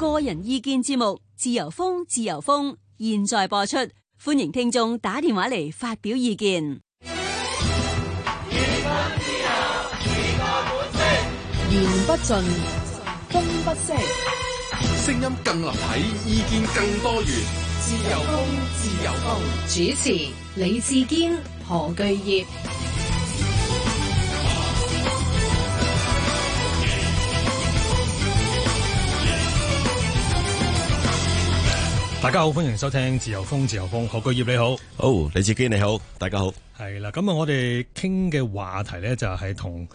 個人意見節目，自由風，自由風，現在播出，歡迎聽眾打電話嚟發表意見。自由不言不盡，風不息，聲音更立體，意見更多元。自由風，自由風，主持李志堅、何巨業。大家好，歡迎收聽自由風。自由風，何國業你好。好，李志堅你好，大家好係啦。咁啊，我哋傾嘅話題呢，就係同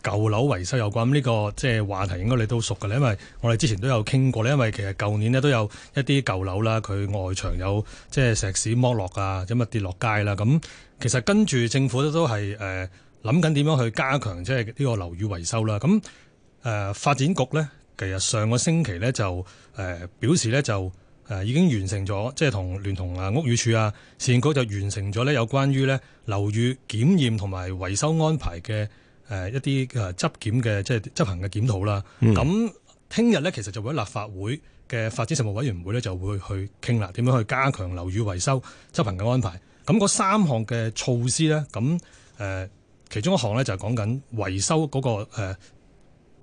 舊樓維修有關。呢、呢個即係話題，應該你都熟㗎啦，因為我哋之前都有傾過呢，因為其實舊年呢都有一啲舊樓啦，佢外牆有即係石屎剝落啊，咁啊跌落街啦。咁其實跟住政府都係誒諗緊點樣去加強即係呢個樓宇維修啦。咁誒、呃，發展局呢，其實上個星期呢就誒、呃、表示呢就。誒已經完成咗，即係同聯同啊屋宇署啊，善局就完成咗咧，有關於咧樓宇檢驗同埋維修安排嘅誒一啲嘅執檢嘅即係執行嘅檢討啦。咁聽日咧，其實就會喺立法會嘅發展事務委員會咧就會去傾啦，點樣去加強樓宇維修執行嘅安排。咁嗰三項嘅措施咧，咁誒、呃、其中一項咧就係講緊維修嗰、嗰個、呃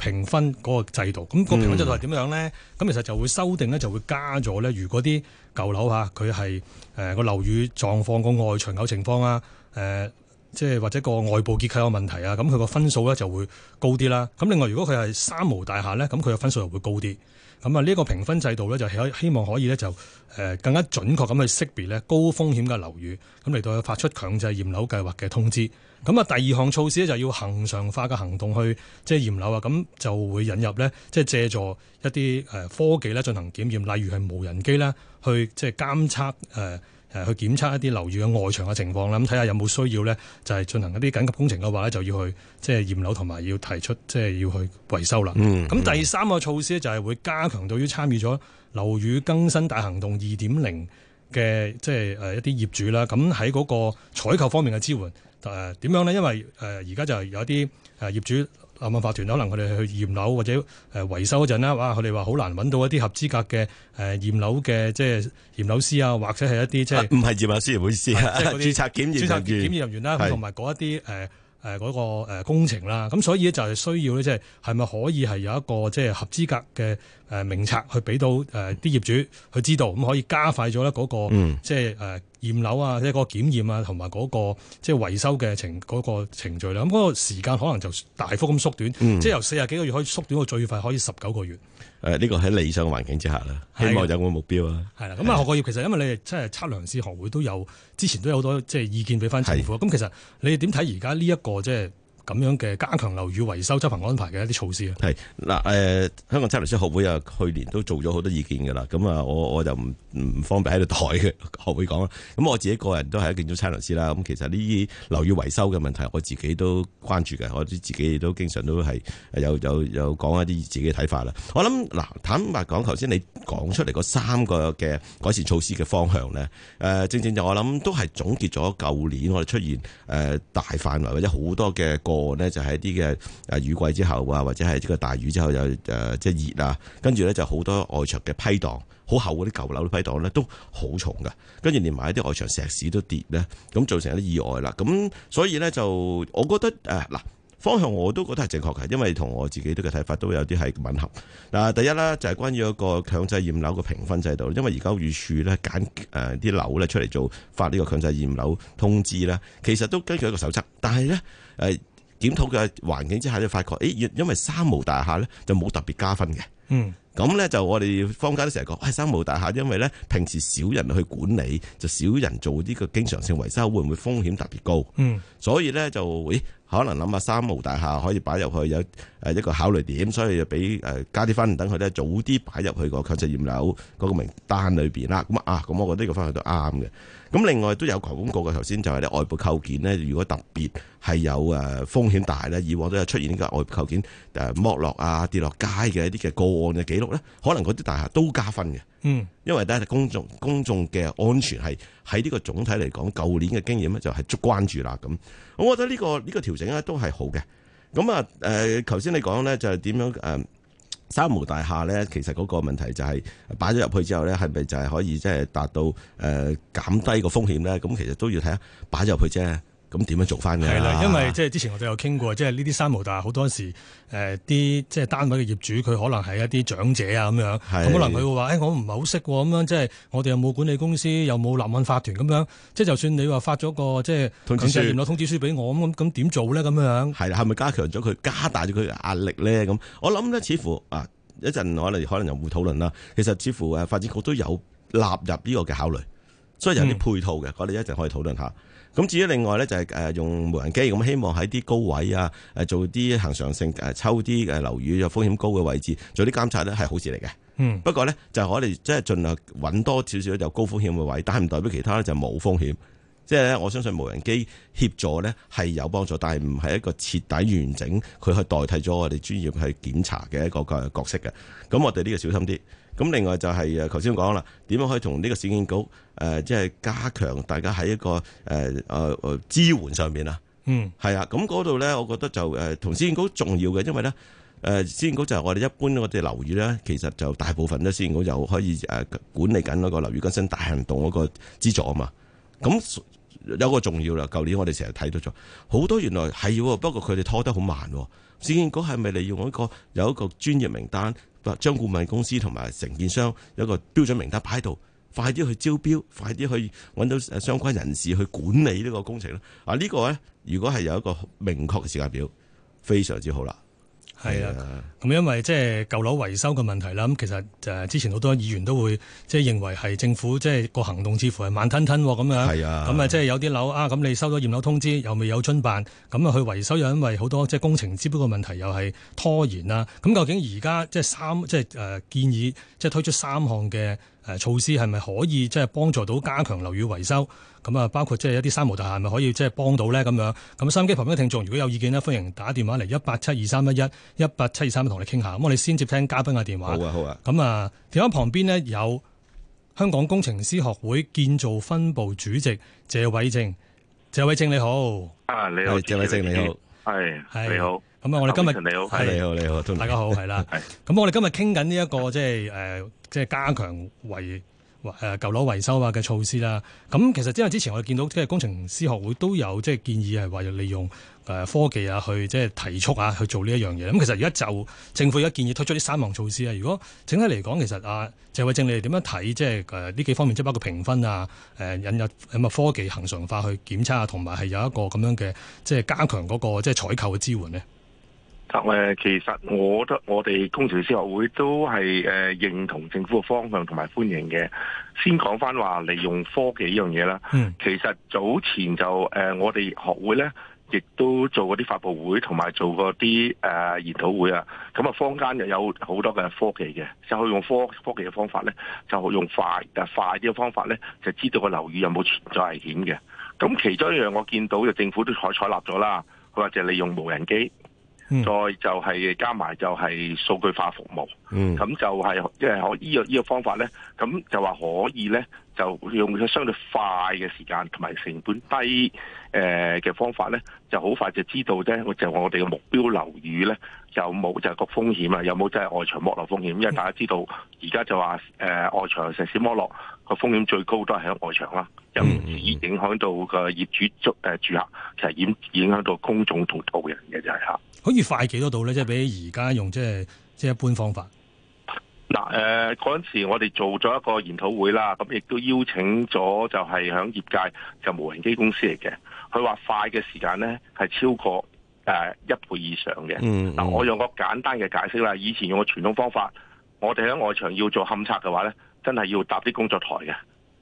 評分嗰個制度，咁個評分制度係點樣咧？咁、嗯、其實就會修訂咧，就會加咗咧。如果啲舊樓下，佢係誒個樓宇狀況、個外牆有情況啊，即、呃、係或者個外部結構有問題啊，咁佢個分數咧就會高啲啦。咁另外如果佢係三無大廈咧，咁佢嘅分數又會高啲。咁啊，呢個評分制度咧就希希望可以咧就誒更加準確咁去識別咧高風險嘅樓宇，咁嚟到發出強制驗樓計劃嘅通知。咁啊，第二項措施咧就要恒常化嘅行動去即係驗樓啊，咁就會引入咧即係借助一啲誒科技咧進行檢驗，例如係無人機啦，去即係監測、呃誒去檢測一啲樓宇嘅外牆嘅情況啦，咁睇下有冇需要咧，就係、是、進行一啲緊急工程嘅話咧，就要去即係驗樓同埋要提出即係、就是、要去維修啦。咁、mm-hmm. 第三個措施咧就係會加強對於參與咗樓宇更新大行動二點零嘅即係誒一啲業主啦。咁喺嗰個採購方面嘅支援誒點、呃、樣咧？因為誒而家就係有一啲誒業主。阿物法團可能佢哋去驗樓或者誒維修嗰陣咧，哇！佢哋話好難揾到一啲合資格嘅誒驗樓嘅即係驗樓師啊，或者係一啲即係唔係驗樓師，唔好意思啊，即係註冊檢驗註冊檢驗人員啦，同埋嗰一啲誒誒嗰個誒工程啦，咁所以咧就係需要咧，即係係咪可以係有一個即係合資格嘅名冊去俾到啲業主去知道，咁可以加快咗咧嗰個，即係誒驗樓啊，即係嗰個檢驗啊，同埋嗰個即係維修嘅程嗰程序啦。咁、那、嗰個時間可能就大幅咁縮短，嗯、即係由四十幾個月可以縮短到最快可以十九個月。呢個喺理想環境之下啦，希望有個目標啊。係啦，咁啊學個業其實因為你哋即係測量師學會都有之前都有好多即係意見俾翻政府。咁其實你點睇而家呢一個即係？咁樣嘅加強樓宇維修執行安排嘅一啲措施啊，係嗱、呃、香港測量師學會啊，去年都做咗好多意見㗎啦。咁啊，我我就唔唔方便喺度台嘅學會講啦。咁我自己個人都係一建築測量師啦。咁其實呢啲樓宇維修嘅問題，我自己都關注嘅，我自己都經常都係有有有講一啲自己嘅睇法啦。我諗嗱、呃，坦白講，頭先你講出嚟嗰三個嘅改善措施嘅方向咧、呃，正正就我諗都係總結咗舊年我哋出現大範圍或者好多嘅。個咧就係啲嘅誒雨季之後啊，或者係呢個大雨之後又誒即係熱啊，跟住咧就好多外牆嘅批盪，好厚嗰啲舊樓啲批盪咧都好重噶，跟住連埋一啲外牆石屎都跌咧，咁造成一啲意外啦。咁所以咧就我覺得誒嗱、啊、方向我都覺得係正確嘅，因為同我自己都嘅睇法都有啲係吻合。嗱第一啦，就係關於一個強制驗樓嘅評分制度，因為而家屋宇署咧揀誒啲樓咧出嚟做發呢個強制驗樓通知啦，其實都根據一個手冊，但係咧誒。檢討嘅環境之下，就發覺，誒，因因為三無大廈咧就冇特別加分嘅。嗯，咁咧就我哋坊間都成日講，誒，三無大廈因為咧平時少人去管理，就少人做呢個經常性維修，會唔會風險特別高？嗯，所以咧就誒，可能諗下三無大廈可以擺入去有誒一個考慮點，所以就俾誒加啲分，等佢咧早啲擺入去個強制驗樓嗰個名單裏邊啦。咁啊啊，咁我覺得呢個方向都啱嘅。咁另外都有公告嘅，頭先就係你外部構件咧，如果特別係有誒風險大咧，以往都有出現呢個外部構件誒剝落啊跌落街嘅一啲嘅個案嘅記錄咧，可能嗰啲大廈都加分嘅。嗯，因為呢，公眾公眾嘅安全係喺呢個總體嚟講，舊年嘅經驗咧就係足關注啦。咁我覺得呢、呢個呢、呢個調整咧都係好嘅。咁啊誒，頭先你講咧就係點樣、呃三無大廈是是呢，其實嗰個問題就係擺咗入去之後呢，係咪就係可以即係達到誒減低個風險呢？咁其實都要睇下擺咗入去啫。咁點樣做翻嘅？係啦，因為即係之前我哋有傾過，即係呢啲三無大廈好多時誒啲即係單位嘅業主，佢可能係一啲長者啊咁樣，咁可能佢會話：誒、欸，我唔係好識咁樣，即係我哋又冇管理公司，又冇立案法團咁樣，即係就算你話發咗個即係強制驗樓通知書俾我，咁咁點做咧？咁樣係係咪加強咗佢，加大咗佢嘅壓力咧？咁我諗咧，似乎啊一陣我哋可能又會討論啦。其實似乎發展局都有納入呢個嘅考慮，所以有啲配套嘅、嗯，我哋一陣可以討論下。咁至於另外咧，就係用無人機，咁希望喺啲高位啊，做啲恆常性抽啲誒樓宇有風險高嘅位置做啲監察咧，係好事嚟嘅。嗯，不過咧就我哋即係盡量揾多少少就高風險嘅位，但係唔代表其他咧就冇風險。即係咧，我相信無人機協助咧係有幫助，但係唔係一個徹底完整，佢去代替咗我哋專業去檢查嘅一個角色嘅。咁我哋呢個小心啲。咁另外就係誒，頭先講啦，點樣可以同呢個市建局誒，即係加強大家喺一個誒誒誒支援上面啊？嗯，係啊，咁嗰度咧，我覺得就誒同市建局重要嘅，因為咧誒市建局就係我哋一般我哋樓宇咧，其實就大部分咧市建局就可以誒管理緊嗰個樓宇更新大行動嗰個資助啊嘛。咁有個重要啦，舊年我哋成日睇到咗好多，原來係要，不過佢哋拖得好慢。市建局係咪利用一個有一個專業名單，將顧問公司同埋承建商有一個標準名單擺喺度，快啲去招標，快啲去搵到相關人士去管理呢個工程咧？啊，呢個咧，如果係有一個明確嘅時間表，非常之好啦。係啊，咁因為即係舊樓維修嘅問題啦。咁其實誒，之前好多議員都會即係認為係政府即係個行動，似乎係慢吞吞咁樣。係啊，咁啊，即係有啲樓啊，咁你收咗驗樓通知又未有遵辦，咁啊去維修又因為好多即係工程接不過問題，又係拖延啦。咁究竟而家即係三即係誒建議即係推出三項嘅誒措施，係咪可以即係幫助到加強樓宇維修？咁啊，包括即係一啲三無大廈咪可以即係幫到咧咁樣。咁收音機旁邊嘅聽眾如果有意見呢，歡迎打電話嚟一八七二三一一，一八七二三同你傾下。咁我哋先接聽嘉賓嘅電話。好啊，好啊。咁啊，電話旁邊呢，有香港工程師學會建造分部主席謝偉正。謝偉正你好。啊，你好。謝偉正你好。係。你好。咁啊，我哋今日你好。係、啊。你好，你好， 大家好，係啦。係、 這個。咁我哋今日傾緊呢一個即係誒，即係加強維。誒舊樓維修啊嘅措施啦，咁其實因為之前我哋見到即係工程師學會都有即係建議係話要利用誒科技啊去即係提速啊去做呢一樣嘢。咁其實而家就政府而家建議推出啲三項措施啊。如果整體嚟講，其實啊謝偉正，你哋點樣睇即係呢幾方面，即係包括評分啊、誒引入咁啊科技恒常化去檢測啊，同埋係有一個咁樣嘅即係加強嗰個即係採購嘅支援呢？其實我我哋工程師學會都係誒認同政府嘅方向同埋歡迎嘅。先講翻話利用科技呢樣嘢啦。嗯，其實早前就誒，我哋學會咧，亦都做過啲發佈會，同埋做過啲誒研討會啊。咁啊，坊間又有好多嘅科技嘅，就用科科技嘅方法咧，就用快誒快啲嘅方法咧，就知道個樓宇有冇存在危險嘅。咁其中一樣我見到就政府都採採納咗啦，佢話就利用無人機。嗯、再就係加埋就係數據化服務，咁、嗯、就係即係依個依個方法咧，咁就話可以咧，就用咗相對快嘅時間同埋成本低誒嘅方法咧，就好快就知道咧，就我哋嘅目標樓宇咧就冇就係個風險啊，有冇即係外牆剝落風險？因為大家知道而家就話誒、呃、外牆石屎剝落。個風險最高都係喺外牆啦，而影響到個業主租誒住客，其實影影響到公眾同途人嘅就係吓。可以快幾多度咧？即係比起而家用即係即係一般方法嗱誒嗰陣時，我哋做咗一個研討會啦，咁亦都邀請咗就係響業界就無人機公司嚟嘅。佢話快嘅時間咧係超過誒、呃、一倍以上嘅。嗱、嗯嗯，我用個簡單嘅解釋啦。以前用個傳統方法，我哋喺外牆要做勘測嘅話咧。真係要搭啲工作台嘅，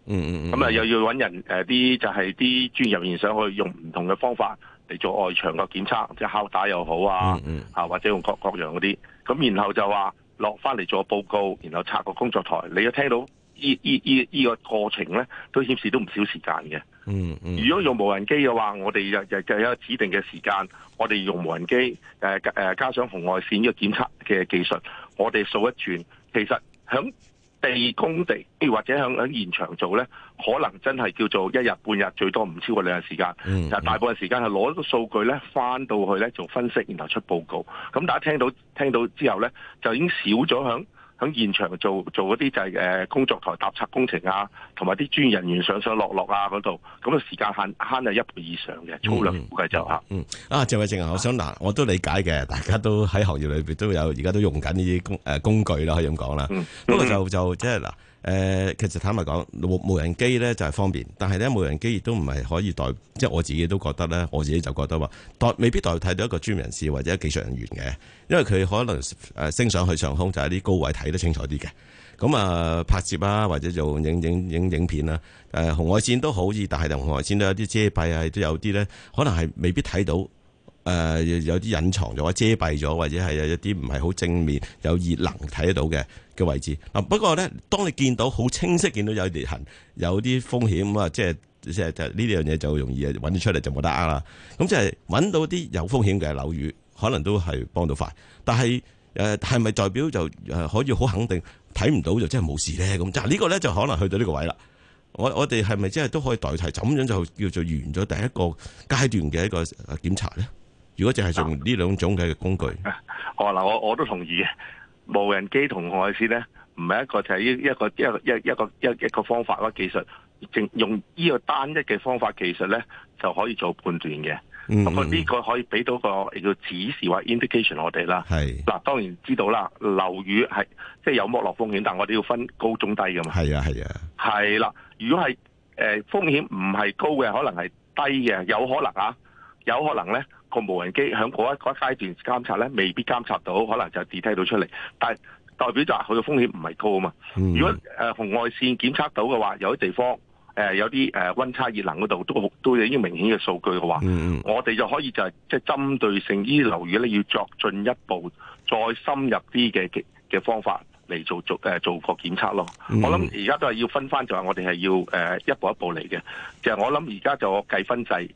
嗯嗯咁啊又要搵人誒，啲、呃、就係啲專業人員上去用唔同嘅方法嚟做外牆嘅檢測，即係敲打又好啊，嗯嗯，或者用各各樣嗰啲，咁然後就話落翻嚟做報告，然後拆個工作台，你要聽到呢呢呢個過程咧，都顯示都唔少時間嘅，嗯。嗯，如果用無人機嘅話，我哋日日就有指定嘅時間，我哋用無人機誒誒，呃、加上紅外線呢個檢測嘅技術，我哋掃一轉，其實響。地工地，或者喺喺現場做呢，可能真係叫做一日半日，最多唔超過兩日時間。就是，大部分時間係攞一個數據呢，翻到去呢，做分析，然後出報告。咁大家聽到聽到之後呢，就已經少咗響。喺現場做做嗰啲就係工作台搭拆工程啊，同埋啲專業人員上上落落啊嗰度，咁、那、嘅、個、時間慳慳係一倍以上嘅，粗略估計就吓、啊、嗯，嗯啊，謝偉正啊，我想嗱，我都理解嘅，大家都喺行業裏面都有，而家都用緊呢啲工、呃、工具啦，可以咁講啦。嗯，不過就、嗯、就即係嗱。就是誒，其實坦白講，無無人機咧就係方便，但係咧無人機亦都唔係可以代，即係我自己都覺得咧，我自己就覺得話代未必代替到一個專業人士或者技術人員嘅，因為佢可能誒升上去上空就係啲高位睇得清楚啲嘅，咁啊拍攝啊或者做影影影影片啊，誒紅外線都好易，但係紅外線都有啲遮蔽啊，都有啲咧可能係未必睇到。誒、呃、有啲隱藏咗、遮蔽咗，或者係有一啲唔係好正面、有熱能睇得到嘅嘅位置。嗱、啊，不過咧，當你見到好清晰，見到有裂痕、有啲風險啊，即係即係呢樣嘢就容易搵得出嚟就冇得呃啦。咁即係搵到啲有風險嘅樓宇，可能都係幫到快。但係係咪代表就、呃、可以好肯定睇唔到就真係冇事咧？咁就呢個咧就可能去到呢個位啦。我我哋係咪即係都可以代替？咁樣就叫做完咗第一個階段嘅一個檢查咧？如果淨係用呢兩種嘅工具，嗱、啊，我我，我都同意嘅。無人機同外線咧，唔係一個就係、是、一一個一一一個一個一，個一，個一個方法咯，技術淨用呢個單一嘅方法技術咧就可以做判斷嘅。不過呢個可以俾到個叫指示或 indication 我哋啦。係嗱、啊，當然知道啦，樓宇係即係有剝落風險，但係我哋要分高中低噶嘛。係啊，係啊。係啦，如果係誒、呃、風險唔係高嘅，可能係低嘅，有可能啊，有可能咧、啊。個無人機喺嗰一嗰一階段監察咧，未必監察到，可能就 detect 到出嚟。但係代表就係佢嘅風險唔係高啊嘛、嗯。如果誒、呃、紅外線檢測到嘅話，有啲地方誒、呃、有啲誒溫差熱能嗰度都都有啲明顯嘅數據嘅話，嗯、我哋就可以就係、是、即、就是、針對性流域呢啲樓宇咧，要作進一步再深入啲嘅嘅嘅方法。嚟做做誒做個檢測咯，我諗而家都係要分翻，就係我哋係要誒一步一步嚟嘅。就係、我諗而家就計分制，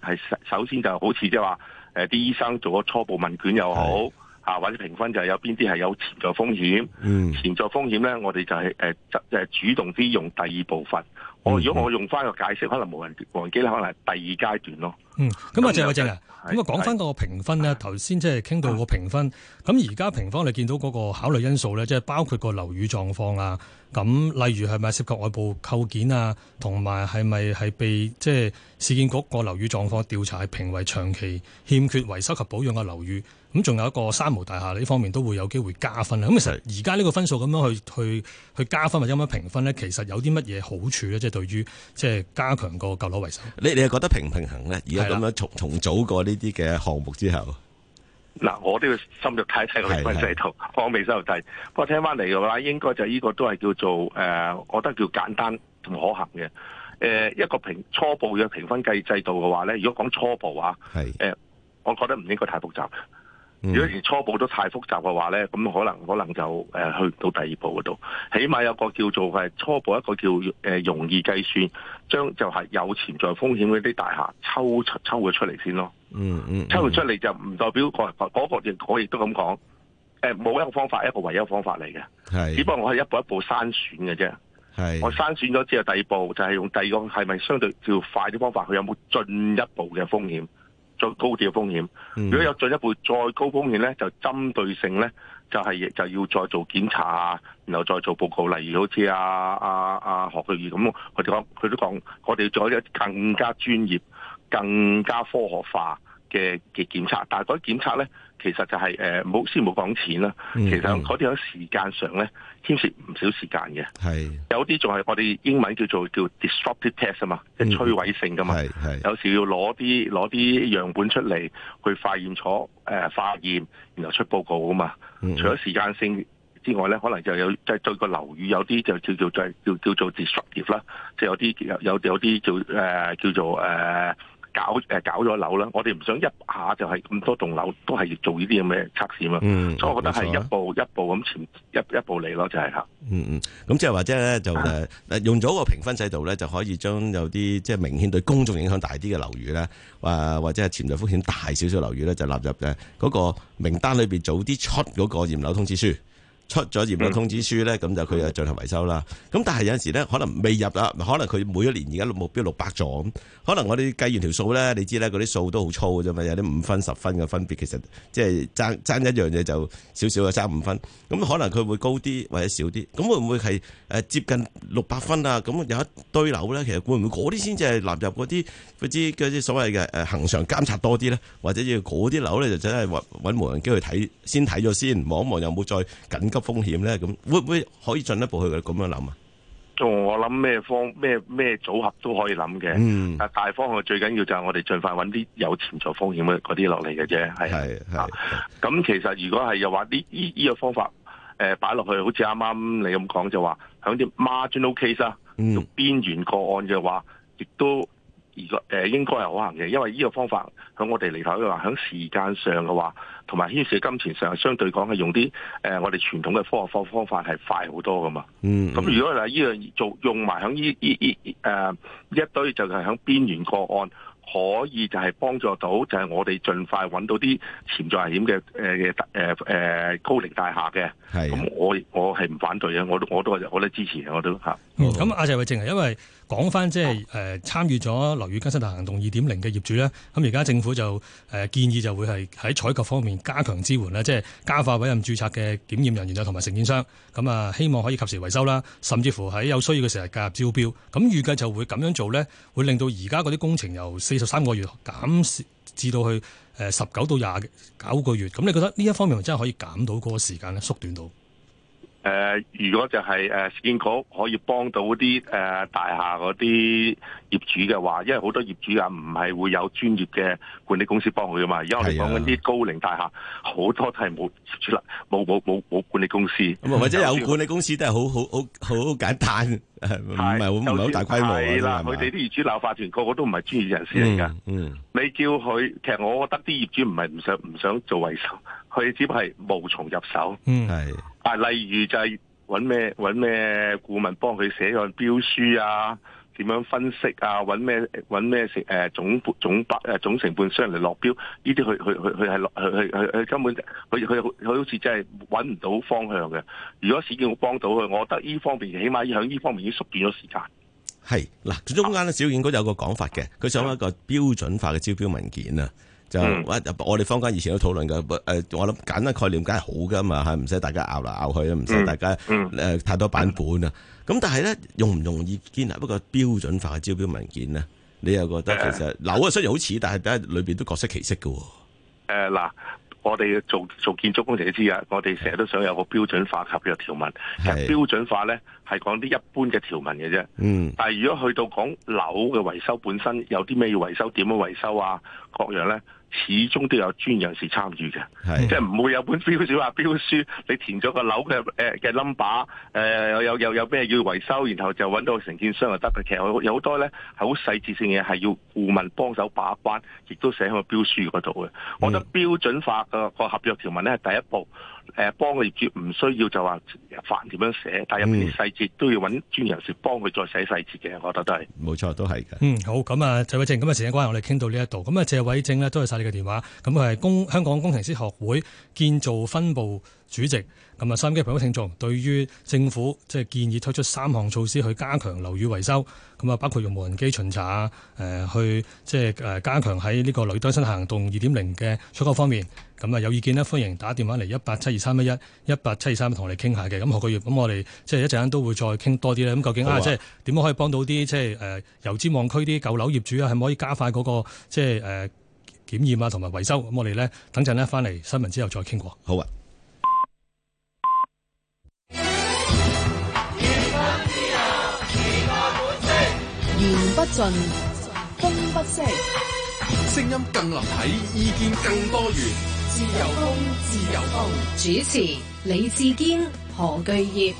首先就好似即係話啲醫生做個初步問卷又好，嚇、啊、或者評分就有邊啲係有潛在風險，潛、嗯、在風險咧，我哋就係、是、誒、呃就係、主動啲用第二部分。我、嗯、如果我用翻個解釋，可能冇人無人機咧，可能係第二階段咯。嗯，咁啊謝偉正啊，咁啊講翻個評分呢頭先即係傾到個評分，咁而家評分你見到嗰個考慮因素呢即係包括個樓宇狀況啊，咁例如係咪涉及外部構件啊，同埋係咪係被即係市建局個樓宇狀況調查係評為長期欠缺維修及保養嘅樓宇，咁仲有一個三無大廈呢方面都會有機會加分咁其實而家呢個分數咁樣去去去加分或者咁樣評分呢其實有啲乜嘢好處呢即係、就是、對於即係加強個舊樓維修。你你係覺得平唔平衡咧咁樣重重組過呢啲嘅項目之後，嗱，我都要深入睇睇評分制度，我未收留低。不過聽翻嚟嘅話，應該就係呢個都係叫做誒、呃，我覺得叫簡單同可行嘅。誒、呃，一個評初步嘅評分計制度嘅話咧，如果講初步話，係誒、呃，我覺得唔應該太複雜。嗯、如果係初步都太複雜嘅話咧，咁可能可能就、呃、去到第二步嗰度，起碼有個叫做初步一個叫、呃、容易計算，將就係、是、有潛在風險嗰啲大廈抽，抽出抽咗出嚟先咯。嗯嗯，嗯，抽咗出嚟就唔代表、嗰個嗰、嗰個亦我亦都咁講，誒、呃、冇一個方法一個唯一方法嚟嘅。係，只不過我係一步一步篩選嘅啫。係，我篩選咗之後第二步就係用第二個係咪相對叫快啲方法，佢有冇進一步嘅風險？再高啲嘅風險，如果有進一步再高風險咧，就針對性咧，就係、是、就要再做檢查啊，然後再做報告。例如好似阿阿阿何翠如咁，佢哋講佢都講，我哋做一啲更加專業、更加科學化。嘅嘅檢測，但係嗰啲檢測咧，其實就係誒冇先冇講錢啦。其實嗰啲喺時間上咧，牽涉唔少時間嘅。係有啲仲係我哋英文叫做叫 disrupted test 啊嘛，嗯、即係摧毀性噶嘛。係係有時候要攞啲攞啲樣本出嚟去化驗所誒、呃、化驗，然後出報告噶嘛。嗯、除咗時間性之外咧，可能就有即係、就是、對個樓宇有啲就叫叫就叫叫做 disruptive 啦，即係有啲有有有啲叫誒叫做誒。呃搞誒搞咗樓啦，我哋唔想一下就係、是、咁多棟樓都係要做呢啲咁嘅測試，嗯，所以我覺得係一步、啊、一步咁前一一步嚟咯，就係、是、嗯嗯，咁、嗯、即係或者咧就、啊、用咗個評分制度咧，就可以將有啲即係明顯對公眾影響大啲嘅樓宇咧，誒或者係潛在風險大少少樓宇咧，就納入嘅嗰個名單裏面，早啲出嗰個驗樓通知書。出咗驗嘅通知書咧，咁就佢就進行維修啦。咁但係有陣時咧，可能未入啦。可能佢每一年而家目標六百座，可能我哋計完條數咧，你知咧嗰啲數都好粗嘅啫嘛，有啲五分十分嘅分別，其實即係爭爭一樣嘢就少少嘅爭五分。咁可能佢會高啲或者少啲。咁會唔會係誒接近六百分啊？咁有一堆樓咧，其實會唔會嗰啲先至係納入嗰啲佢啲嗰啲所謂嘅誒恆常監察多啲咧？或者要嗰啲樓咧就真係搵無人機去睇先睇咗先望一望，有冇再緊急？風險咧，咁會唔會可以進一步去咁樣諗啊？哦、我諗咩方咩咩組合都可以諗嘅。嗯，啊大方向最緊要就係我哋盡快搵啲有潛在風險嘅嗰啲落嚟嘅啫。係咁、啊、其實如果係又話啲依依個方法誒擺落去，好似啱啱你咁講就話響啲 marginal case 啊，用邊緣個案嘅話，亦、嗯、都。而個誒應該係可行嘅，因為呢個方法喺我哋嚟睇，話喺時間上嘅話，同埋牽涉金錢上，相對講係用啲誒、呃、我哋傳統嘅科學方方法係快好多噶嘛。嗯。咁如果嗱呢樣做用埋喺呢依依誒一堆就係喺邊緣個案，可以就係幫助到就係、是、我哋盡快揾到啲潛在危險嘅誒嘅誒誒高齡大廈嘅。係、啊。咁我我係唔反對嘅，我都我都係我都支持嘅，我都嚇。咁阿謝偉正係因為。講翻即係誒參與咗樓宇更新大行動二點零嘅業主呢。咁而家政府就、呃、建議就會係喺採購方面加強支援啦，即係加快委任註冊嘅檢驗人員又同埋承建商，咁啊希望可以及時維修啦，甚至乎喺有需要嘅時候介入招標，咁預計就會咁樣做呢，會令到而家嗰啲工程由四十三個月減至19到去誒十九到廿九個月，咁你覺得呢一方面真係可以減到嗰個時間，縮短到？誒、呃，如果就係、是、誒，建、呃、局可以幫到啲誒、呃、大廈嗰啲業主嘅話，因為好多業主啊，唔係會有專業嘅管理公司幫佢噶嘛。而家我哋講緊啲高齡大廈，好多都係冇業主冇冇冇冇管理公司。咁、嗯、或者有管理公司都係好好好好簡單，唔係好大規模啦，佢哋啲業主鬧法團，個個都唔係專業人士嚟噶、嗯。嗯，你叫佢，其實我覺得啲業主唔係唔想唔想做維修。佢只不過係無從入手，係啊，例如就係揾咩咩顧問幫佢寫個標書啊，點樣分析啊，揾咩咩成誒總總包成判商嚟落標，呢啲佢佢佢佢係落佢佢佢根本佢佢佢好似真係揾唔到方向嘅。如果市建局幫到佢，我覺得呢方面起碼喺呢方面已經縮短咗時間。係嗱，中間咧，市建局有個講法嘅，佢想一個標準化嘅招標文件啊。就我哋坊間以前都討論過，誒、嗯，我諗簡單概念梗係好噶嘛，係唔使大家拗嚟拗去，唔使大家誒、嗯呃、太多版本啊。咁、嗯、但係咧，容唔容易建立一個標準化嘅招標文件咧？你又覺得其實樓啊雖然好似，但係但係裏邊都各色其色噶、哦。誒、嗯，嗱、呃，我哋做做建築工程都知啊，我哋成日都想有個標準化合約條文。係標準化咧，係講啲一般嘅條文嘅啫。嗯。但係如果去到講樓嘅維修本身有啲咩要維修，點樣維修啊？各樣咧？始終都有專人士參與嘅，即係唔會有本標書啊標書，你填咗個樓嘅誒嘅 number，誒、呃、有有有有咩要維修，然後就揾到承建商就得嘅。其實有好多咧係好細節性嘅，係要顧問幫手把關，亦都寫喺個標書嗰度嘅。我覺得標準化個個合約條文咧係第一步。誒，幫佢業主唔需要就話煩點樣寫，但係入面啲細節都要揾專業人士幫佢再寫細節嘅，我覺得都係冇錯，都係嘅。嗯，好咁啊，今謝偉正咁啊，時間關係，我哋傾到呢一度咁啊，謝偉正呢多謝晒你嘅電話。咁佢係工香港工程師學會建造分部。主席咁啊，三機朋友聽眾對於政府即係建議推出三項措施去加強樓宇維修咁啊，包括用無人機巡查誒，去即係誒加強喺呢個樓宇更新大行動二點零嘅出口方面咁啊，有意見呢，歡迎打電話嚟一八七二三一一一八七二三，同我哋傾下嘅。咁下個月咁，我哋即係一陣間都會再傾多啲咧。咁究竟啊，即係點樣可以幫到啲即係誒油尖旺區啲舊樓業主啊，係咪可以加快嗰個即係誒檢驗啊同埋維修咁？我哋呢，等陣呢，返嚟新聞之後再傾過。好啊。言不盡，風不息，聲音更立體，意見更多元。自由風，自由風。主持李志堅、何巨業。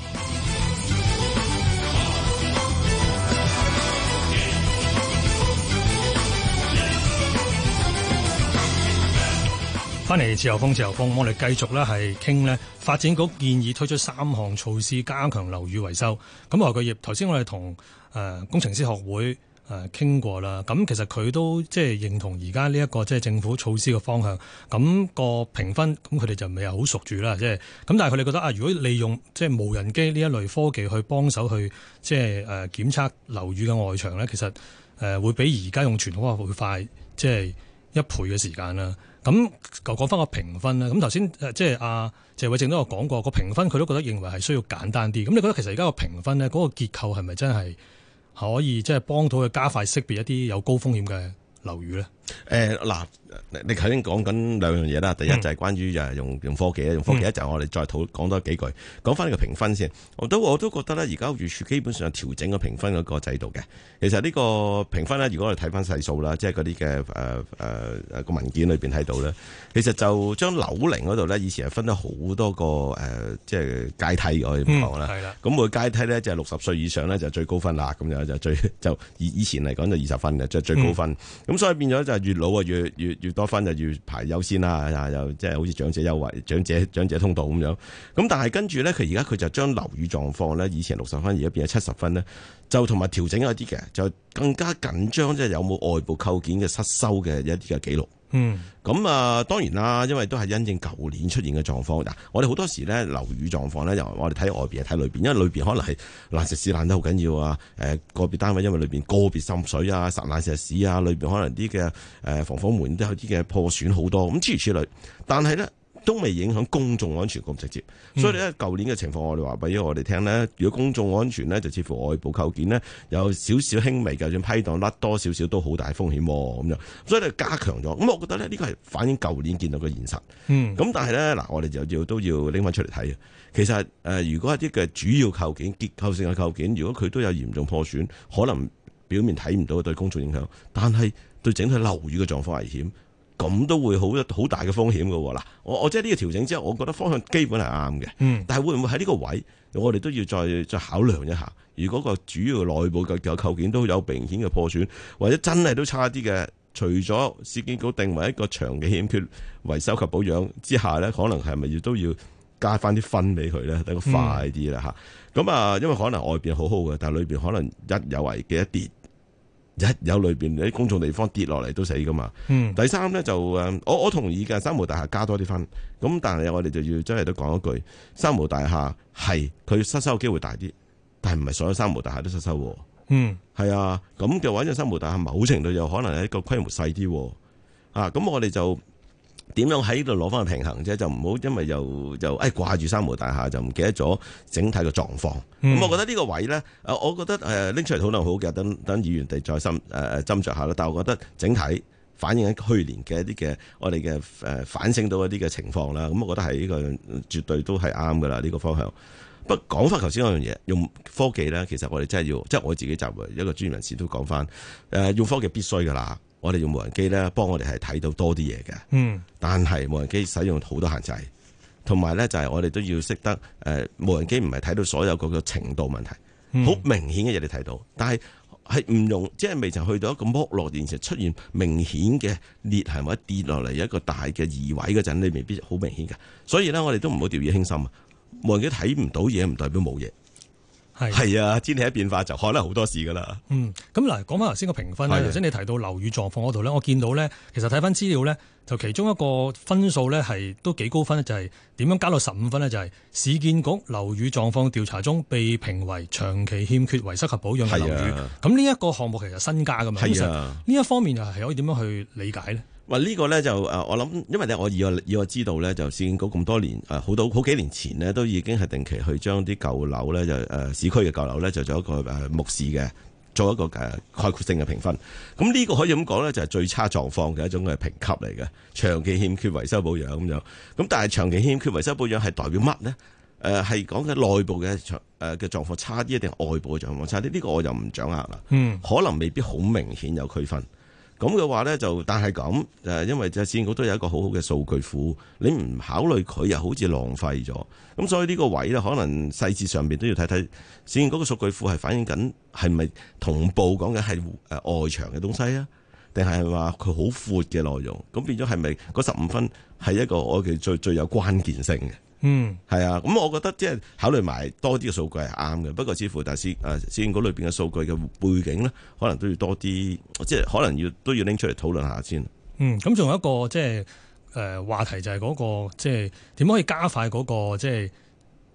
翻嚟自由風，自由風，我哋繼續咧係傾呢發展局建議推出三項措施，加強樓宇維修。咁何巨業，頭先我哋同。誒工程師學會誒傾過啦，咁其實佢都即係認同而家呢一個即係政府措施嘅方向，咁個評分咁佢哋就未係好熟住啦，即係咁，但係佢哋覺得啊，如果利用即係無人機呢一類科技去幫手去即係誒檢測樓宇嘅外牆咧，其實誒會比而家用傳統話會快即係一倍嘅時間啦。咁就講翻個評分啦，咁頭先即係阿謝偉正都有講過個評分，佢都覺得認為係需要簡單啲。咁你覺得其實而家個評分呢，嗰、那個結構係咪真係？可以即係幫到佢加快識別一啲有高風險嘅樓宇咧。誒，嗱，你頭先講緊兩樣嘢啦，第一就係關於誒用用科技啊、嗯，用科技。一陣我哋再討講多幾句，講翻呢個評分先。我都我都覺得咧，而家住處基本上調整個評分嗰個制度嘅。其實呢個評分呢，如果我哋睇翻細數啦，即係嗰啲嘅誒誒個文件裏邊睇到呢，其實就將樓齡嗰度呢，以前係分得好多個誒、呃，即係階梯可以咁講啦。咁、嗯、每個階梯呢，就六十歲以上呢就最高分啦，咁就就最就以以前嚟講就二十分嘅，即、就、係、是、最高分。咁、嗯、所以變咗就是。越老啊，越越越多分，就越排優先啦。又即係好似長者優惠、長者長者、長者通道咁樣。咁但係跟住咧，佢而家佢就將樓宇狀況咧，以前六十分而家變咗七十分咧，就同埋調整一啲嘅，就更加緊張，即係有冇外部構件嘅失修嘅一啲嘅記錄。嗯，咁啊，當然啦，因為都係因應舊年出現嘅狀況。嗱，我哋好多時咧，樓宇狀況咧，又我哋睇外邊又睇裏邊，因為裏邊可能係爛石屎爛得好緊要啊。誒，個別單位因為裏邊個別滲水啊、殺爛石屎啊，裏邊可能啲嘅誒防火門都有啲嘅破損好多，咁諸如此類。但係咧。都未影響公眾安全咁直接，所以咧舊年嘅情況，我哋話俾我哋聽咧，如果公眾安全咧，就似乎外部構件咧有少少輕微嘅，就算批盪甩多少少都好大風險咁樣，所以咧加強咗。咁我覺得咧呢個係反映舊年見到嘅現實。嗯。咁但係咧嗱，我哋就要都要拎翻出嚟睇。其實，呃，如果一啲嘅主要構件、結構性嘅構件，如果佢都有嚴重破損，可能表面睇唔到對公眾影響，但係對整體樓宇嘅狀況危險。咁都會好好大嘅風險嘅嗱，我我即係呢個調整之後，我覺得方向基本係啱嘅。嗯，但係會唔會喺呢個位，我哋都要再再考量一下。如果個主要內部嘅構構件都有明顯嘅破損，或者真係都差啲嘅，除咗市建局定為一個長期欠缺維修及保養之下咧，可能係咪要都要加返啲分俾佢咧？等佢快啲啦吓。咁啊，因為可能外邊好好嘅，但係裏邊可能一有危機一跌。一有裏邊啲公眾地方跌落嚟都死噶嘛？嗯、第三咧就誒，我我同意嘅，三無大廈加多啲分。咁但係我哋就要真係都講一句，三無大廈係佢失修機會大啲，但係唔係所有三無大廈都失修。嗯，係啊。咁嘅話，因三無大廈某程度有可能係一個規模細啲啊。咁我哋就。點樣喺呢度攞翻個平衡啫？就唔好因為又又誒掛住三和大廈就唔記得咗整體嘅狀況。咁、嗯、我覺得呢個位咧，啊，我覺得誒拎出嚟討論好嘅，等等議員哋再深誒斟酌下啦。但係我覺得整體反映喺去年嘅一啲嘅我哋嘅誒反省到一啲嘅情況啦。咁我覺得係呢、這個絕對都係啱噶啦，呢、這個方向。不過講翻頭先嗰樣嘢，用科技咧，其實我哋真係要，即、就、係、是、我自己作為一個專業人士都講翻，誒、呃、用科技必須噶啦。我哋用無人機咧，幫我哋係睇到多啲嘢嘅。嗯，但係無人機使用好多限制，同埋咧就係我哋都要識得誒，無人機唔係睇到所有嗰個程度問題，好明顯嘅嘢你睇到，但係係唔用，即係未曾去到一個剝落的時候，而且出現明顯嘅裂痕或者跌落嚟一個大嘅移位嗰陣，你未必好明顯嘅。所以咧，我哋都唔好掉以輕心啊！無人機睇唔到嘢，唔代表冇嘢。係係啊，天氣一變化就可能好多事噶啦。嗯，咁嗱，講翻頭先個評分咧，頭先你提到樓宇狀況嗰度咧，我見到咧，其實睇翻資料咧，就其中一個分數咧係都幾高分呢就係、是、點樣加到十五分呢？就係市建局樓宇狀況調查中被評為長期欠缺維修及保養嘅樓宇。咁呢一個項目其實身家咁樣，其實呢一方面又係可以點樣去理解呢？話、這、呢個咧就誒，我諗，因為我以我以我知道咧，就市建局咁多年誒，好多好幾年前呢都已經係定期去將啲舊樓咧就誒、呃，市區嘅舊樓咧，就做一個誒、呃、目視嘅，做一個誒概括性嘅評分。咁呢個可以咁講咧，就係、是、最差狀況嘅一種嘅評級嚟嘅，長期欠缺維修保養咁樣。咁但係長期欠缺維修保養係代表乜呢誒，係講緊內部嘅狀誒嘅狀況差啲，定外部嘅狀況差啲？呢、這個我就唔掌握啦。嗯，可能未必好明顯有區分。咁嘅話咧，就但係咁誒，因為就係線稿都有一個好好嘅數據庫，你唔考慮佢又好似浪費咗。咁所以呢個位咧，可能細節上面都要睇睇線稿個數據庫係反映緊係咪同步講緊係誒外牆嘅東西啊，定係話佢好闊嘅內容？咁變咗係咪嗰十五分係一個我哋最最有關鍵性嘅？嗯，係啊，咁我覺得即係考慮埋多啲嘅數據係啱嘅，不過似乎大師先嗰裏面嘅數據嘅背景咧，可能都要多啲，即係可能要都要拎出嚟討論下先。嗯，咁仲有一個即係誒話題就係嗰、那個即係點可以加快嗰、那個即係。就是驗檢驗檢驗，檢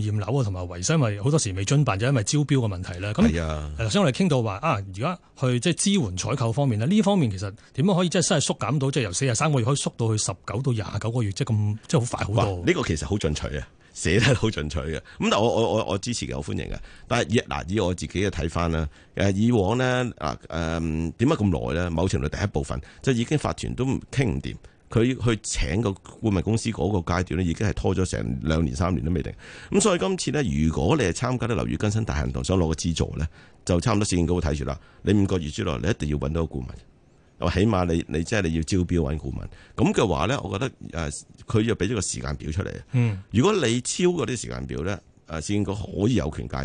驗樓啊，同埋維修，因為好多時未進辦，就因為招標嘅問題咧。咁頭先我哋傾到話啊，而家去即係支援採購方面呢，呢方面其實點樣可以即係真係縮減到，即係由四十三個月可以縮到去十九到廿九個月，即係咁，即係好快好多。呢個其實好進取啊，寫得好進取嘅。咁但我我我我支持嘅，我歡迎嘅。但係以嗱以我自己嘅睇翻啦，誒以往呢，啊誒點解咁耐呢？某程度第一部分即係已經法團都傾唔掂。佢去請個顧問公司嗰個階段咧，已經係拖咗成兩年三年都未定。咁所以今次咧，如果你係參加咗樓宇更新大行動，想攞個資助咧，就差唔多市建局會睇住啦。你五個月之內，你一定要揾到個顧問，又起碼你你即係你要招標揾顧問。咁嘅話咧，我覺得誒，佢就俾咗個時間表出嚟。如果你超過啲時間表咧，誒市建局可以有權介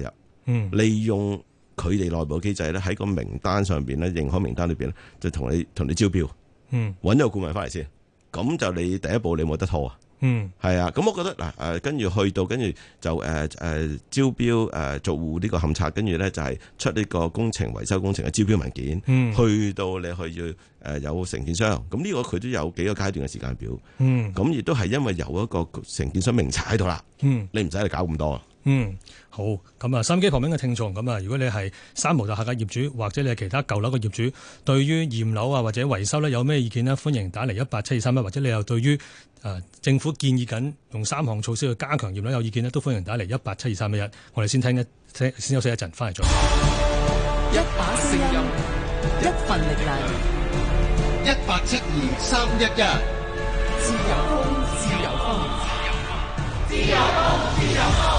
入，利用佢哋內部機制咧，喺個名單上邊咧，認可名單裏邊就同你同你招標，嗯，揾一個顧問翻嚟先。咁就你第一步你冇得拖啊。嗯，係啊，咁我覺得嗱，誒跟住去到跟住就誒誒、呃呃、招標誒做、呃、呢個勘測，跟住咧就係、是、出呢個工程維修工程嘅招標文件，嗯，去到你去要誒、呃、有承建商，咁呢個佢都有幾個階段嘅時間表，嗯，咁亦都係因為有一個承建商名冊喺度啦，嗯，你唔使你搞咁多。嗯，好。咁啊，收音機旁邊嘅聽眾，咁啊，如果你係三毛大廈嘅業主，或者你係其他舊樓嘅業主，對於驗樓啊或者維修呢，有咩意見呢？歡迎打嚟一八七二三一，或者你又對於誒政府建議緊用三項措施去加強驗樓有意見呢，都歡迎打嚟一八七二三一一。我哋先聽一聽，先休息一陣，翻嚟再講。一,一，music, 1 1 Ithans，一把聲音，一份力量，一八七二三一一，自由風，自由風，自由風，自由風。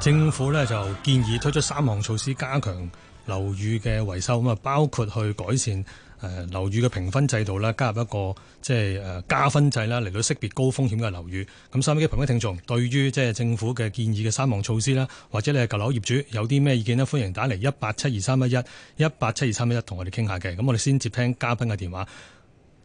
政府呢就建議推出三項措施加強樓宇嘅維修，咁啊包括去改善誒樓宇嘅評分制度啦，加入一個即係、就是呃、加分制啦，嚟到識別高風險嘅樓宇。咁收音機朋友聽眾，對於即係政府嘅建議嘅三項措施啦，或者你係舊樓業主有啲咩意見呢？歡迎打嚟一八七二三一一一八七二三一一同我哋傾下嘅。咁我哋先接聽嘉賓嘅電話。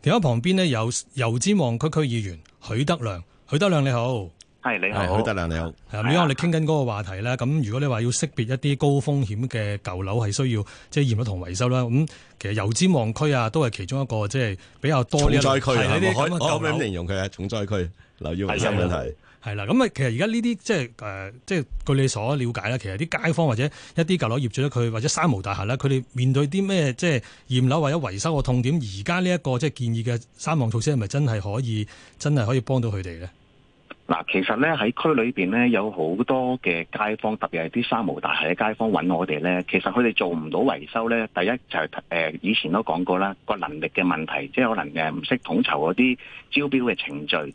電話旁邊呢有油尖旺區區議員許德亮，許德亮你好。係，你好，許德亮你好。係咁，因為我哋傾緊嗰個話題啦。咁如果你話要識別一啲高風險嘅舊樓，係需要即係驗樓同維修啦。咁其實油尖旺區啊，都係其中一個即係、就是、比較多呢重災區、啊、我咁樣形容佢係重災區，留意維修問題係啦。咁啊，其實而家呢啲即係誒，即、就、係、是呃就是，據你所了解其實啲街坊或者一啲舊樓業主佢或者三無大廈咧，佢哋面對啲咩即係驗樓或者維修嘅痛點？而家呢一個即係、就是、建議嘅三項措施，係咪真係可以真係可以幫到佢哋咧？嗱，其實咧喺區裏面咧有好多嘅街坊，特別係啲三無大廈嘅街坊揾我哋咧，其實佢哋做唔到維修咧。第一就係誒，以前都講過啦，個能力嘅問題，即係可能唔識統籌嗰啲招標嘅程序。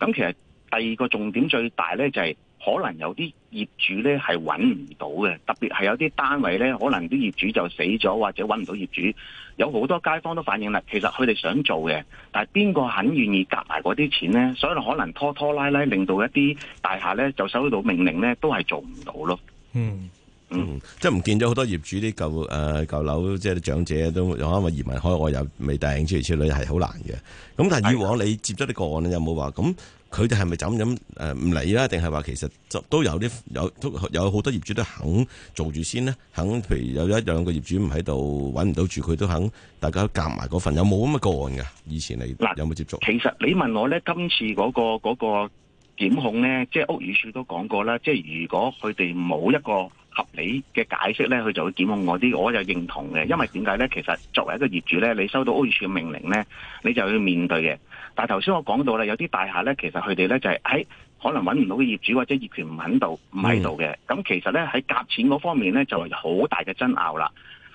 咁其實第二個重點最大咧就係。可能有啲業主咧係揾唔到嘅，特別係有啲單位咧，可能啲業主就死咗或者揾唔到業主，有好多街坊都反映啦。其實佢哋想做嘅，但係邊個肯願意夾埋嗰啲錢咧？所以可能拖拖拉拉，令到一啲大廈咧就收到命令咧，都係做唔到咯。嗯嗯，嗯，即係唔見咗好多業主啲舊誒、呃、舊樓，即係啲長者都有啱啱移民開外遊，未訂出嚟處理係好難嘅。咁但係以往你接咗啲個案咧，有冇話咁？佢哋係咪就咁咁誒唔理啦？定係話其實就都有啲有都有好多業主都肯做住先咧，肯譬如有一兩個業主唔喺度揾唔到住，佢都肯大家夾埋嗰份。有冇咁嘅個案嘅？以前你有冇接觸？其實你問我咧，今次嗰個嗰個檢控咧，即係屋宇署都講過啦，即係如果佢哋冇一個合理嘅解釋咧，佢就會檢控我啲，我就認同嘅。因為點解咧？其實作為一個業主咧，你收到屋宇署嘅命令咧，你就要面對嘅。但係頭先我講到啦，有啲大廈咧，其實佢哋咧就係、是、喺、哎、可能搵唔到嘅業主或者業權唔喺度，唔喺度嘅，咁其實咧喺夾錢嗰方面咧就係好大嘅爭拗啦。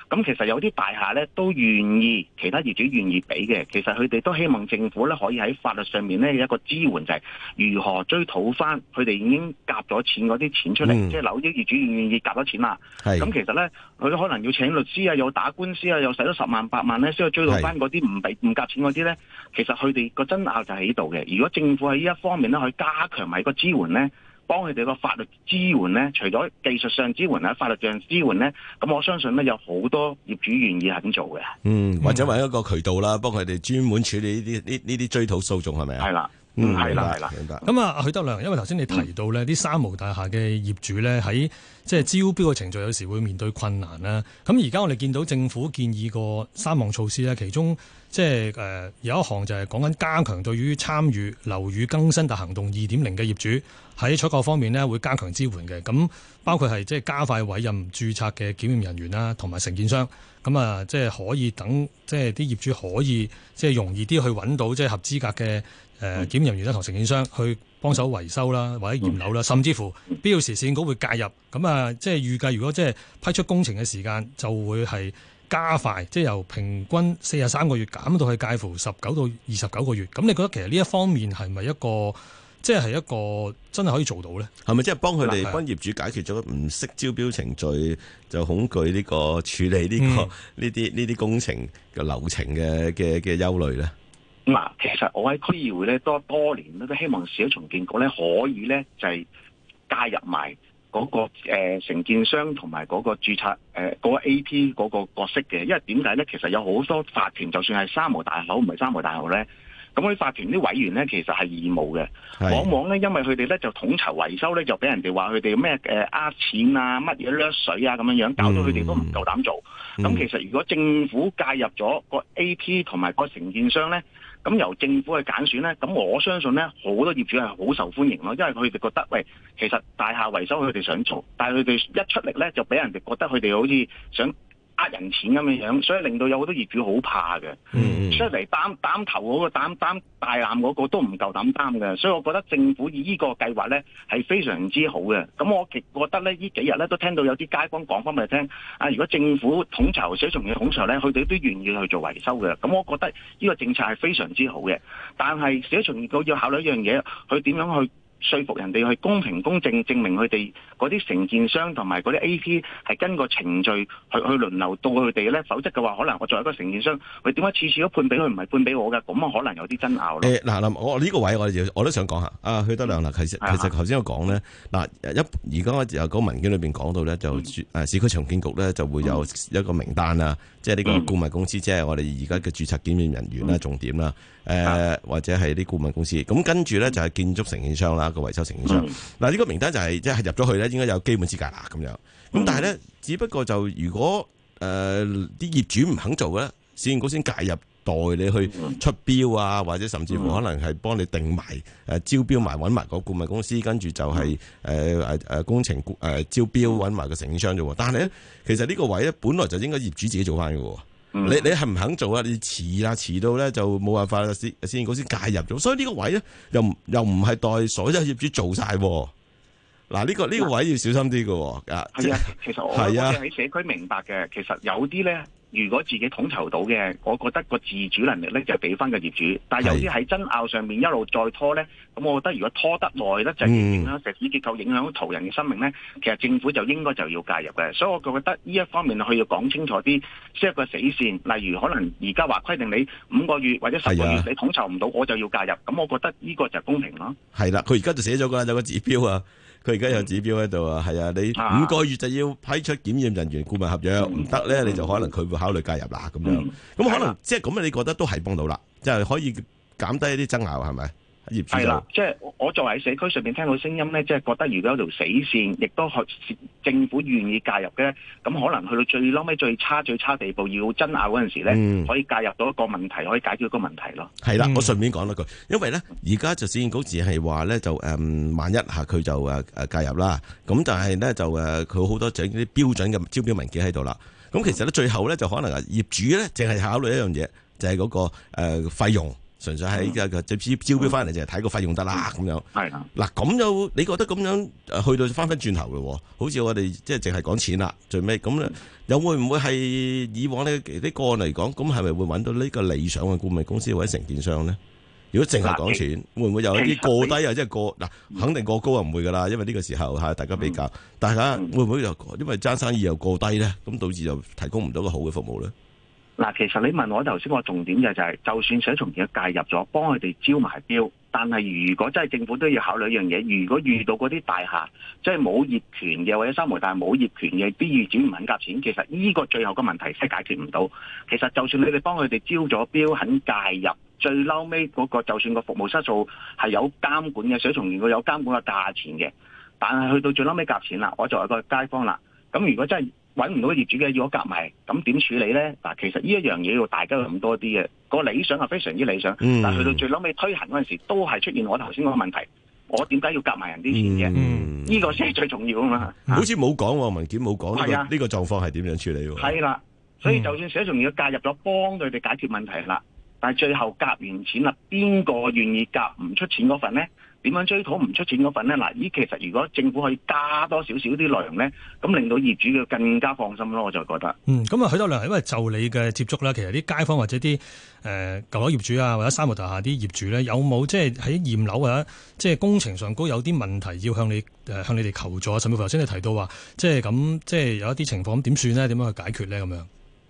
咁其實有啲大廈咧都願意，其他業主願意俾嘅。其實佢哋都希望政府咧可以喺法律上面咧有一個支援，就係、是、如何追討翻佢哋已經夾咗錢嗰啲錢出嚟、嗯。即係有啲業主願意夾咗錢啦。咁其實咧，佢可能要請律師啊，又打官司啊，又使咗十萬八萬咧，需要追討翻嗰啲唔俾唔夾錢嗰啲咧。其實佢哋個爭拗就喺度嘅。如果政府喺呢一方面咧去加強埋個支援咧。幫佢哋個法律支援咧，除咗技術上支援啊，法律上支援咧，咁我相信咧有好多業主願意肯做嘅。嗯，或者係一個渠道啦，幫佢哋專門處理呢啲呢呢啲追討訴訟係咪啊？係啦。嗯，係啦，係啦，明白。咁啊，阿許德亮，因為頭先你提到呢啲三無大廈嘅業主呢，喺即係招標嘅程序，有時會面對困難啦。咁而家我哋見到政府建議個三項措施呢，其中即係誒有一項就係講緊加強對於參與樓宇更新大行動二點零嘅業主喺採購方面呢會加強支援嘅。咁包括係即係加快委任註冊嘅檢驗人員啦，同埋承建商。咁啊，即係可以等，即係啲業主可以即係、就是、容易啲去揾到即係、就是、合資格嘅。誒檢驗人員咧同承建商去幫手維修啦，或者驗樓啦，甚至乎必要時，電信局會介入。咁啊，即係預計如果即係批出工程嘅時間就會係加快，即係由平均四十三個月減到去介乎十九到二十九個月。咁你覺得其實呢一方面係咪一個，即係一個真係可以做到呢？係咪即係幫佢哋幫業主解決咗唔識招標程序就恐懼呢個處理呢個呢啲呢啲工程嘅流程嘅嘅嘅憂慮呢？嗱，其實我喺區議會咧多多年咧都希望市區重建局咧可以咧就係、是、介入埋嗰、那個承、呃、建商同埋嗰個註冊誒、呃那個 A P 嗰、那個角色嘅，因為點解咧？其實有好多法團，就算係三無大廈唔係三無大廈咧，咁啲法團啲委員咧其實係義務嘅，往往咧因為佢哋咧就統籌維修咧就俾人哋話佢哋咩誒呃錢啊乜嘢掠水啊咁樣樣，搞到佢哋都唔夠膽做。咁、嗯、其實如果政府介入咗個 A P 同埋個承建商咧。咁由政府去揀選咧，咁我相信咧，好多業主係好受歡迎咯，因為佢哋覺得，喂，其實大廈維修佢哋想做，但係佢哋一出力咧，就俾人哋覺得佢哋好似想呃人錢咁樣，所以令到有好多業主好怕嘅，出、mm-hmm. 嚟擔擔頭嗰、嗰個擔擔大攬嗰個都唔夠膽擔嘅，所以我覺得政府以呢個計劃咧係非常之好嘅。咁我其實覺得咧，呢幾日咧都聽到有啲街坊講翻俾你聽，啊，如果政府統籌，市建局統籌咧，佢哋都願意去做維修嘅。咁我覺得呢個政策係非常之好嘅，但係市建局要考慮一樣嘢，佢點樣去？說服人哋去公平公正，證明佢哋嗰啲承建商同埋嗰啲 AP 係跟個程序，去去輪流到佢哋咧，否則嘅話可能我作為一個承建商，佢點解次次都判俾佢唔係判俾我嘅？咁啊，可能有啲爭拗咯。嗱、哎、嗱，我、這、呢個位置我亦我都想講下啊，許德亮啦，其實其實頭先我講咧，嗱一而家又嗰文件裏邊講到咧，就誒、嗯，市區重建局咧就會有一個名單啊、嗯，即係呢個顧問公司，即、嗯、係、就是、我哋而家嘅註冊檢驗人員啦、嗯，重點啦，誒、呃啊、或者係啲顧問公司，咁跟住咧就係建築承建商啦。個維修承建商，嗱、這、呢個名單就係即係入咗去咧，應該有基本資格啦咁樣。咁但係咧，只不過就如果誒啲、呃、業主唔肯做咧，市建局先介入代你去出標啊，或者甚至乎可能係幫你定埋誒招標埋揾埋個顧問公司，跟住就係誒誒誒工程誒、呃、招標揾埋個承建商啫。但係咧，其實呢個位咧本來就應該業主自己做翻嘅。你你係唔肯做啊？你遲啊，遲到咧就冇辦法啦先先嗰先介入咗，所以呢個位咧又又唔係代所有業主做晒。嗱、這、呢個呢、嗯、個位要小心啲㗎。啊、嗯，係啊， 其實我喺的社區明白嘅，其實有啲咧。如果自己統籌到嘅，我覺得個自主能力咧就俾翻個業主。但係有啲喺爭拗上面一路再拖咧，咁我覺得如果拖得耐咧就影響石屎結構，影響到途人嘅生命咧、嗯，其實政府就應該就要介入嘅。所以我覺得呢一方面佢要講清楚啲，即係個死線，例如可能而家話規定你五個月或者十個月你統籌唔到，我就要介入。咁、啊、我覺得呢個就公平咯。係啦，佢而家就寫咗個有個指標啊。佢而家有指標喺度啊，係、嗯、啊，你五個月就要批出檢驗人員顧問合約，唔、嗯、得呢，你就可能佢會考慮介入啦咁樣，咁、嗯、可能即係咁啊？嗯即係咁、樣你覺得都係幫到啦，就係、可以減低一啲爭拗係咪？係啦，即係我作為喺社區上面聽到聲音咧，即係覺得如果有條死線，亦都可政府願意介入嘅，咁可能去到最嬲尾、最差、最差地步要爭拗嗰陣時咧，可以介入到一個問題，可以解決一個問題咯。係、嗯、啦，我順便講多句，因為咧而家就先建局自係話咧，就誒萬一下佢就誒誒介入啦，咁但係咧就誒佢好多整啲標準嘅招標文件喺度啦，咁其實咧最後咧就可能業主咧淨係考慮一樣嘢，就係、是、嗰、那個誒、呃、費用。純粹喺就、嗯、只招標翻嚟淨係睇個費用得啦咁樣。係嗱咁又，你覺得咁樣、啊、去到翻返轉頭嘅，好似我哋即係淨係講錢啦，最尾咁、嗯、又有會唔會係以往咧呢個案嚟講，咁係咪會揾到呢個理想嘅顧問公司或者承建商咧？如果淨係講錢，會唔會有一啲過低啊？即係過嗱、嗯，肯定過高啊，唔會噶啦，因為呢個時候嚇大家比較，嗯、大家會唔會又因為爭生意又過低咧？咁導致又提供唔到個好嘅服務咧？嗱，其實你問我頭先，個重點嘅就係、是，就算水從業介入咗，幫佢哋招埋標，但係如果真係政府都要考慮一樣嘢，如果遇到嗰啲大廈即係冇業權嘅或者三無但係冇業權嘅，啲業主唔肯夾錢，其實呢個最後個問題係解決唔到。其實就算你哋幫佢哋招咗標，肯介入，最嬲尾嗰個，就算個服務質素係有監管嘅，水從業佢有監管嘅價錢嘅，但係去到最嬲尾夾錢啦，我作為個街坊啦，咁如果真係，搵唔到業主嘅要我夾埋，咁點處理咧？嗱，其實呢一樣嘢要大家諗多啲嘅。那個理想係非常之理想，但、嗯、去到最撚尾推行嗰陣時，都係出現我頭先嗰個問題。我點解要夾埋人啲錢嘅？呢、嗯這個先係最重要啊嘛。好似冇講文件冇講呢個呢、啊這個狀況係點樣處理喎？係啦、啊，所以就算社仲要介入咗幫佢哋解決問題啦。但係最後夾完錢啦，邊個願意夾唔出錢嗰份呢？點樣追討唔出錢嗰份呢？嗱，咦，其實如果政府可以加多少少啲內容，咁令到業主嘅更加放心咯，我就覺得。嗯，咁啊，許德亮，因為就你嘅接觸啦，其實啲街坊或者啲誒、呃、舊樓業主啊，或者三和大廈啲業主呢，有冇即係喺驗樓或者即係工程上高有啲問題要向你向你哋求助？甚至頭先都提到話，即係咁即係有一啲情況點點算呢？點樣去解決呢？咁樣？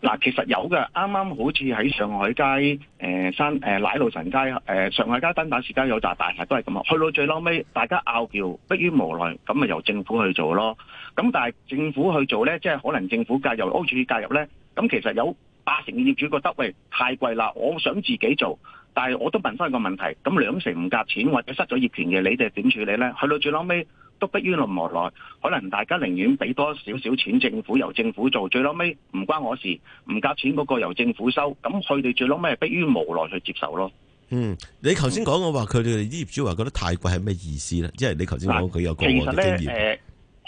嗱，其實有嘅，啱啱好似喺上海街、誒、呃、山、誒、呃、奶路臣街、誒、呃、上海街、丹打士街有扎大，大廈都係咁啊！去到最撈尾，大家拗撬，迫於無奈，咁咪由政府去做咯。咁但係政府去做咧，即係可能政府介入、屋主介入咧，咁其實有八成嘅業主覺得喂，太貴啦，我想自己做。但係我都問翻個問題，咁兩成唔夾錢或者失咗業權嘅，你哋點處理呢？去到最撈尾都迫於無奈，可能大家寧願俾多少少錢，政府由政府做，最撈尾唔關我事，唔夾錢嗰個由政府收，咁佢哋最撈尾係迫於無奈去接受咯。嗯，你頭先講我話佢哋啲業主話覺得太貴係咩意思是說的呢？即係你頭先講佢有過往嘅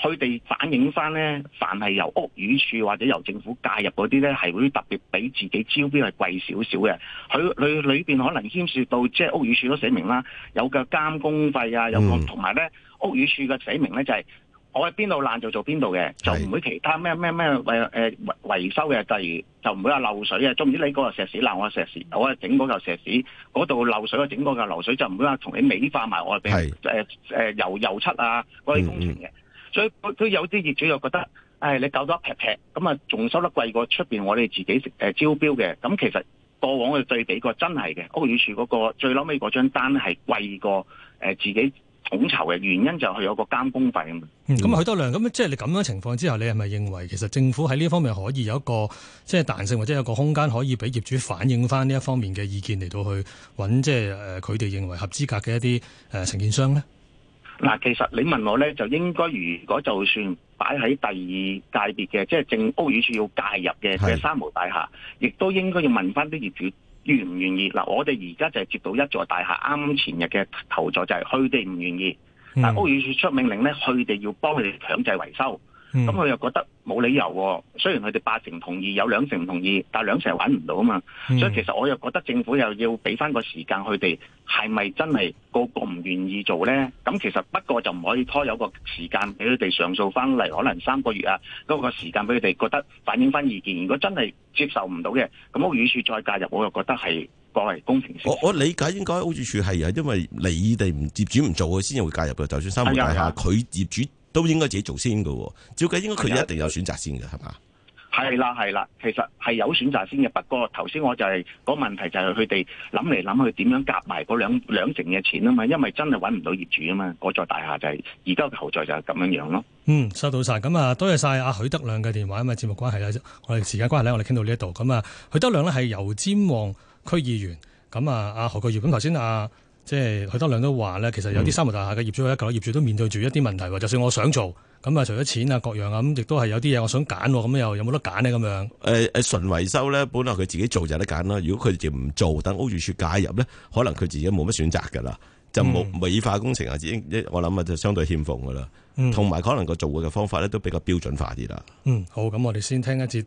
佢哋反映翻咧，凡係由屋宇署或者由政府介入嗰啲咧，係會特別比自己招標係貴少少嘅。佢佢裏邊可能牽涉到，即係屋宇署都寫明啦，有個監工費啊，有個同埋咧屋宇署嘅寫明咧就係、是、我喺邊度爛就做邊度嘅，就唔會其他咩咩咩維誒維修嘅，例如就唔會話漏水啊，總唔知你嗰嚿石屎爛，我石屎我啊整嗰嚿石屎嗰度漏水啊，整嗰嚿漏水就唔會話同你美化埋我嘅，誒誒、呃呃、油油漆啊嗰啲工程嘅。嗯。所以都有啲業主又覺得，你搞咗一撇撇，咁啊，仲收得貴過出面我哋自己招標嘅，咁其實過往去對比過真係嘅，屋宇署嗰個最撈尾嗰張單係貴過自己統籌嘅，原因就係有個監工費。咁咁許德亮，咁即係你咁樣情況之下，你係咪認為其實政府喺呢方面可以有一個即係彈性，或者有個空間可以俾業主反映翻呢一方面嘅意見嚟到去揾即係佢哋認為合資格嘅一啲誒承建商咧？嗱、嗯，其實你問我咧，就應該如果就算擺喺第二界別嘅，即係正屋宇署要介入嘅嘅、就是、三無大廈，亦都應該要問翻啲業主願唔願意。嗱，我哋而家就係接到一座大廈，啱前日嘅求助就係佢哋唔願意，但、嗯、屋宇署出命令咧，佢哋要幫佢哋強制維修。咁、嗯、佢又覺得冇理由、哦，雖然佢哋八成同意，有兩成唔同意，但兩成係揾唔到啊嘛、嗯。所以其實我又覺得政府又要俾翻個時間佢哋，係咪真係個個唔願意做咧？咁其實不過就唔可以拖，有個時間俾佢哋上訴翻嚟，可能三個月啊，嗰、那個時間俾佢哋覺得反映翻意見。如果真係接受唔到嘅，咁屋宇署再介入，我又覺得係過嚟工程。我我理解應該屋宇署係啊，因為你哋唔接主唔做，佢先至會介入嘅。就算三和大廈，佢、嗯嗯、業主。都應該自己做先嘅，照計應該佢一定有選擇先嘅，係嘛？係啦係啦，其實係有選擇先嘅。不過頭先我就係、是、講、那個、問題就係佢哋諗嚟諗去，點樣夾埋嗰兩兩成嘅錢啊嘛？因為真係揾唔到業主啊嘛，嗰座大廈就係而家嘅豪宅就係咁樣樣咯。嗯，收到晒，咁啊，多謝晒阿許德亮嘅電話，吖嘛。節目關係咧，我哋時間關係咧，我哋傾到呢一度，咁啊，許德亮咧係油尖旺區議員，咁啊，阿何國如，咁頭先啊。即係許德亮都話咧，其實有啲三無大廈嘅業主一嚿、嗯，業主都面對住一啲問題，就算我想做，咁啊，除咗錢啊，各樣啊，咁亦都係有啲嘢我想揀，咁又有冇得揀呢？咁樣誒誒，純維修咧，本來佢自己做就有得揀啦。如果佢哋唔做，等屋宇署介入咧，可能佢自己冇乜選擇噶啦，就冇、嗯、美化工程啊，我諗啊，就相對欠奉噶啦。同、嗯、埋可能個做嘅方法咧，都比較標準化啲啦。嗯，好，咁我哋先聽一節。